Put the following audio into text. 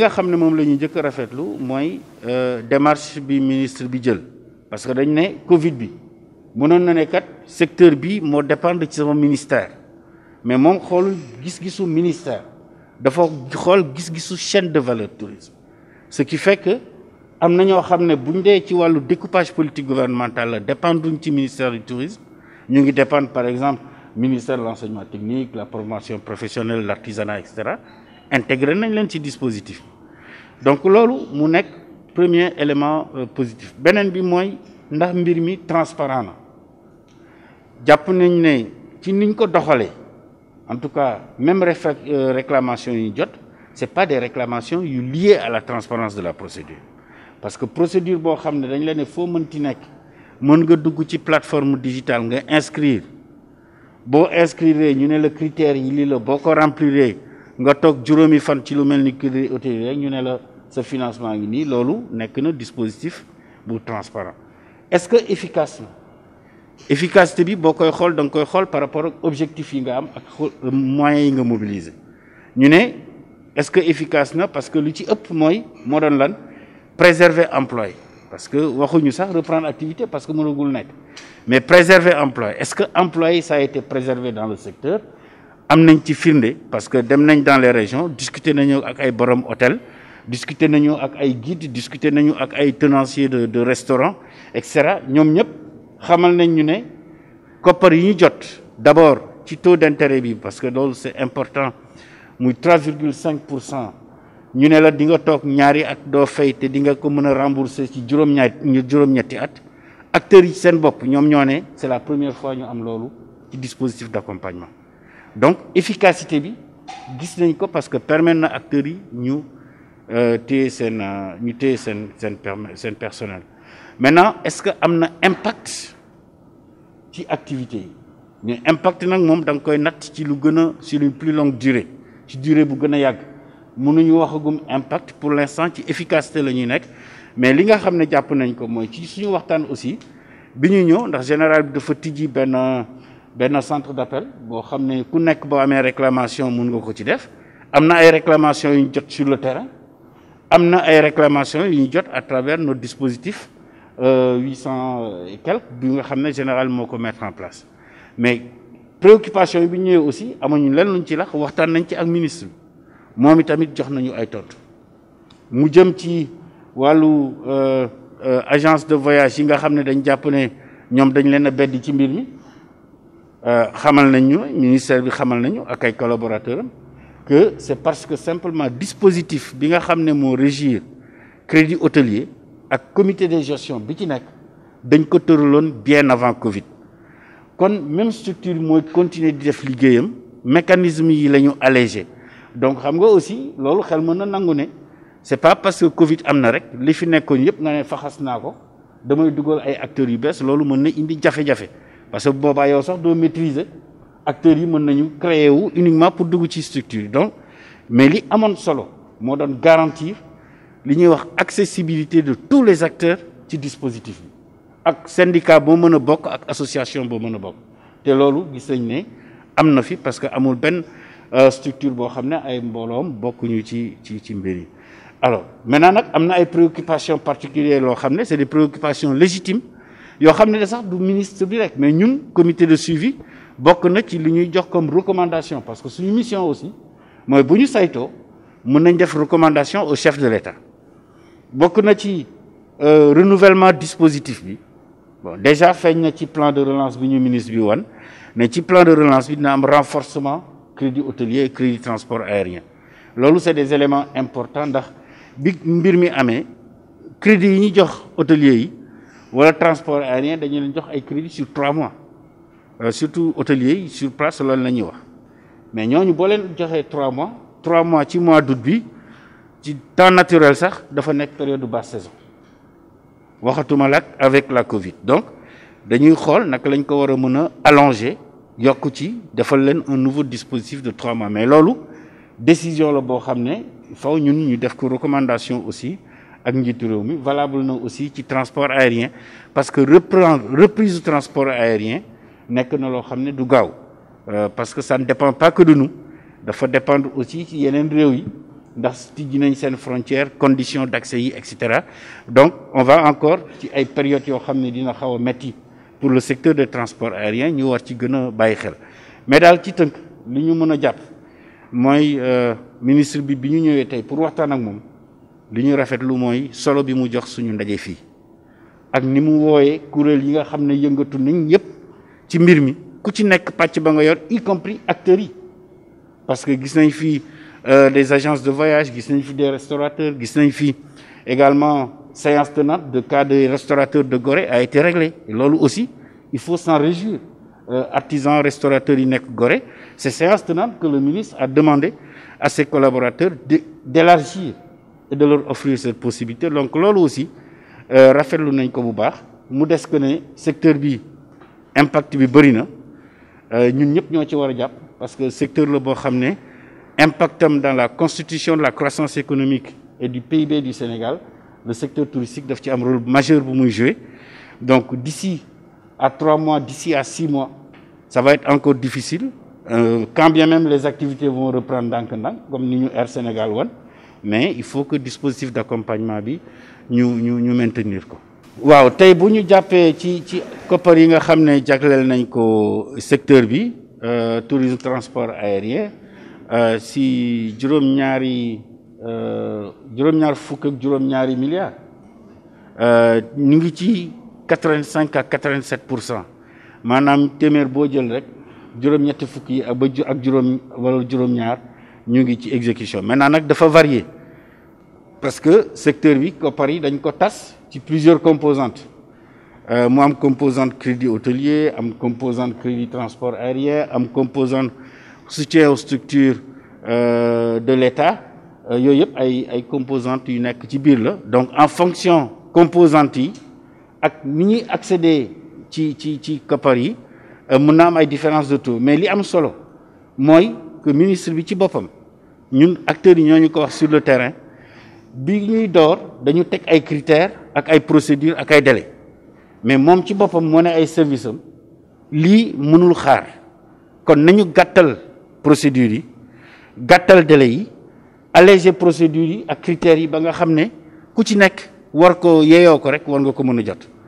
nga xam ne lañu jëk ñuy njëkk a rafetlu euh, démarche bi ministre bi jël parce que dañ né Covid bi mënon na né kat secteur bi mo dépendre ci sama ministère mais mom xol gis-gisu ministère dafa xol gis chaîne de valeur tourisme ce qui fait que am avons ñoo que buñ dé ci découpage politique gouvernementale dépend du ci ministère du tourisme ñu ngi dépendre par exemple ministère de l'enseignement technique la promotion professionnelle l'artisanat etc. Intégrer intégré nañ leen ci dispositif donc c'est mu premier élément euh, positif beneen bi mooy ndax mbir mi transparent na jàpp nañ ne ci niñ en tout cas même euh, réclamation yi jot c'est pas des réclamations liées à la transparence de la procédure parce que procédure boo xam ne dañ la ne foo mënti nekk mën nga plateforme digitale nga inscrire Bo inscrire ñu ne le critères yi lii le boo ko remplir nga toog juróomi fan ci lu mel ni critères ñu ne la ce financement ni l'olou nek na dispositif bu transparent est-ce que efficace efficacité bi bokoy xol par rapport aux objectifs yi nga am ak moyens yi nga mobiliser ñu est-ce que efficace parce que l'outil, ci ëpp moy préserver emploi parce que nous sax reprendre l'activité, parce que mënagul net. mais préserver emploi est-ce que emploi ça a été préservé dans le secteur am nañ ci parce que dem nañ dans les régions discuter nañ ak ay borom hôtel discuter avec les guides discuter avec ak tenanciers de restaurants, etc. et cetera ñoom que xamal est ne d'abord le taux d'intérêt parce que c'est important c'est 3,5 Nous avons ñu ne la di nga faits. ñaari at nous fay rembourser ci ñetti acteurs c'est la première fois ñu am loolu ci dispositif d'accompagnement donc l'efficacité, bi gis parce que permet na acteurs nous, euh, téye seen euh, ñu téye seen seen personnel maintenant est-ce que am impact ci activité yi mais impact nag moom da nga koy natt ci lu gën sur une plus longue durée ci durée bu gën a yàgg mënuñu waxagum impact pour l'instant ci efficacité la ñuy nekk mais li nga xam ne jàpp nañ ko mooy ci suñu waxtaan aussi bi ñu ñëw ndax général bi dafa tijji benn benn centre d'appel bo xam ne ku nekk boo amee réclamation mun nga ko ci def am ay réclamation yu jot sur le terrain amna ay réclamations yu ñu jot à travers nos dispositifs, euh, 800 et quelques bi nga xamné général moko mettre en place mais préoccupation bi ñëwee aussi amuñu lenn luñ ci lax waxtan nañ ci ak ministre momi tamit jox nañu ay tontu mu jëm ci euh, euh, agence de voyage yi nga xamné dañ japp né ñom dañ leen a ci mbir mi euh, xamal nañ ñu ministère bi xamal nañu ak ay collaborateurs que c'est parce que simplement dispositif bi nga xamné mo régir crédit hôtelier ak comité de gestion bi ci nekk dañ ko tëraloon bien avant Covid kon même structure moy continuer di def ligueyam mécanisme yi lañu alléger donc xam nga aussi lolu xel mën na c'est pas parce que Covid amna rek li fi nekkoon yëpp nga ne faxas naa ko damay dugal ay acteurs yu bess lolu mën na indi jafé jafé parce que boba yow sax do maîtriser acteurs yi mën nañu créer wu uniquement pour dugg ci structure donc mais li amone solo moo doon garantir li ñuy wax accessibilité de tous les acteurs ci dispositif bi ak syndicat boo mën a bokk ak association boo mën a bokk te loolu gis nañ ne am na fi parce que amul benn euh, structure boo xam ne ay mbooloom bokkuñu ci ci ci mbir yi alors maintenant nag am na ay préoccupations particulières loo xam ne c'est des préoccupations légitimes yoo xam ne sax du ministre bi rek mais ñun comité de suivi bokk na ci li ñuy jox comme recommandation parce que c'est une mission aussi mooy bu ñu saytoo mën nañ def recommandation au chef de l'État bokk na ci euh, renouvellement dispositif bi bon déjà feeñ na ci plan de relance bi ñu ministre bi wan ci plan de relance bi dina am renforcement crédit hôtelier et crédit transport aérien loolu c'est des éléments importants ndax bi mbir mi amee crédit yi ñu jox hôtelier yi wala transport aérien dañu leen jox ay crédit sur trois mois euh, surtout hôteliers sur place ce la ñuy wax mais nous, bo len joxé trois mois trois mois six mois d'août bi ci temps naturel sax dafa une période de basse saison waxatuma malade avec la Covid donc dañuy xol nak lañ ko wara mëna allonger ci un nouveau dispositif de trois mois mais lolu décision la bo xamné ne faw ñun ñu def ko recommandation aussi ak aussi, valable na aussi ci transport aérien parce que reprendre reprise du transport aérien nek na lo xam ne du gaaw euh, parce que ça ne dépend pas que de nous dafa dépendre aussi ci yenen rew yi ndax tijji nañ sen frontière conditions d'accès yi etc donc on va encore ci ay période yo xam dina xaw metti pour le secteur de transport aérien ñu war ci gëna a xel mais dal ci tënk li ñu mëna japp moy euh, ministre bi bi ñu ñëwee pour waxtaan ak mom li ñu rafetlu moy solo bi mu jox suñu ndaje fi ak ni mu woyé kurel yi nga xamné yëngatu nañ ci mbir ku ci yor y compris acteurs parce que gis nañ fi euh, des agences de voyage gis nañ fi des restaurateurs gis nañ fi également séance tenante de cas des restaurateurs de Gorée a été réglé loolu aussi il faut s'en réjouir euh, artisans restaurateurs yi nekk Gorée c'est séance tenante que le ministre a demandé à ses collaborateurs d'élargir et de leur offrir cette possibilité donc loolu aussi euh, rafetlu nañ ko bu baax secteur bi impact bi très na euh, ñun ñëpp ñoo parce que secteur la boo xam impactam dans la constitution de la croissance économique et du PIB du Sénégal le secteur touristique doit ci un rôle majeur pour muy jouer donc d'ici à trois mois d'ici à six mois ça va être encore difficile euh, quand bien même les activités vont reprendre le temps, comme nous, Air Sénégal mais il faut que dispositif d'accompagnement bi maintenir Wow, tay buñu jappé ci ci copar yi nga xamné jaglél nañ ko secteur bi euh, tourisme transport aérien euh si juróom-ñaari euh, juróom-ñaar fukk ak juróom-ñaari milliards euh, ñu ngi ci 85 à 87 manam quatre bo jël rek juróom-ñetti fukk yi ba ak juróom wala juróom-ñaar ñu ngi ci exécution maintenant nak dafa varier parce que secteur bi koppar yi dañ ko tas qui plusieurs composantes euh, moi am composante crédit hôtelier am composante crédit transport aérien am composante soutien aux structures euh, de l'État il y a une composantes yu nekk la donc en fonction composantes si ak ni accéder ci ci ci koppar yi euh, na différence de tout, mais li am solo c'est que ministre bi ci ñun acteurs nous sommes ñu ko wax sur le terrain bi ñuy door dañu teg ay critères ak ay procédures ak ay délais mais moom ci boppam moo ne ay service am mënul xaar kon nañu gàttal procédures yi gàttal délais yi alléger procédures yi ak critères yi ba nga xam ne ku ci nekk war ko yeyoo ko rek war nga ko mën a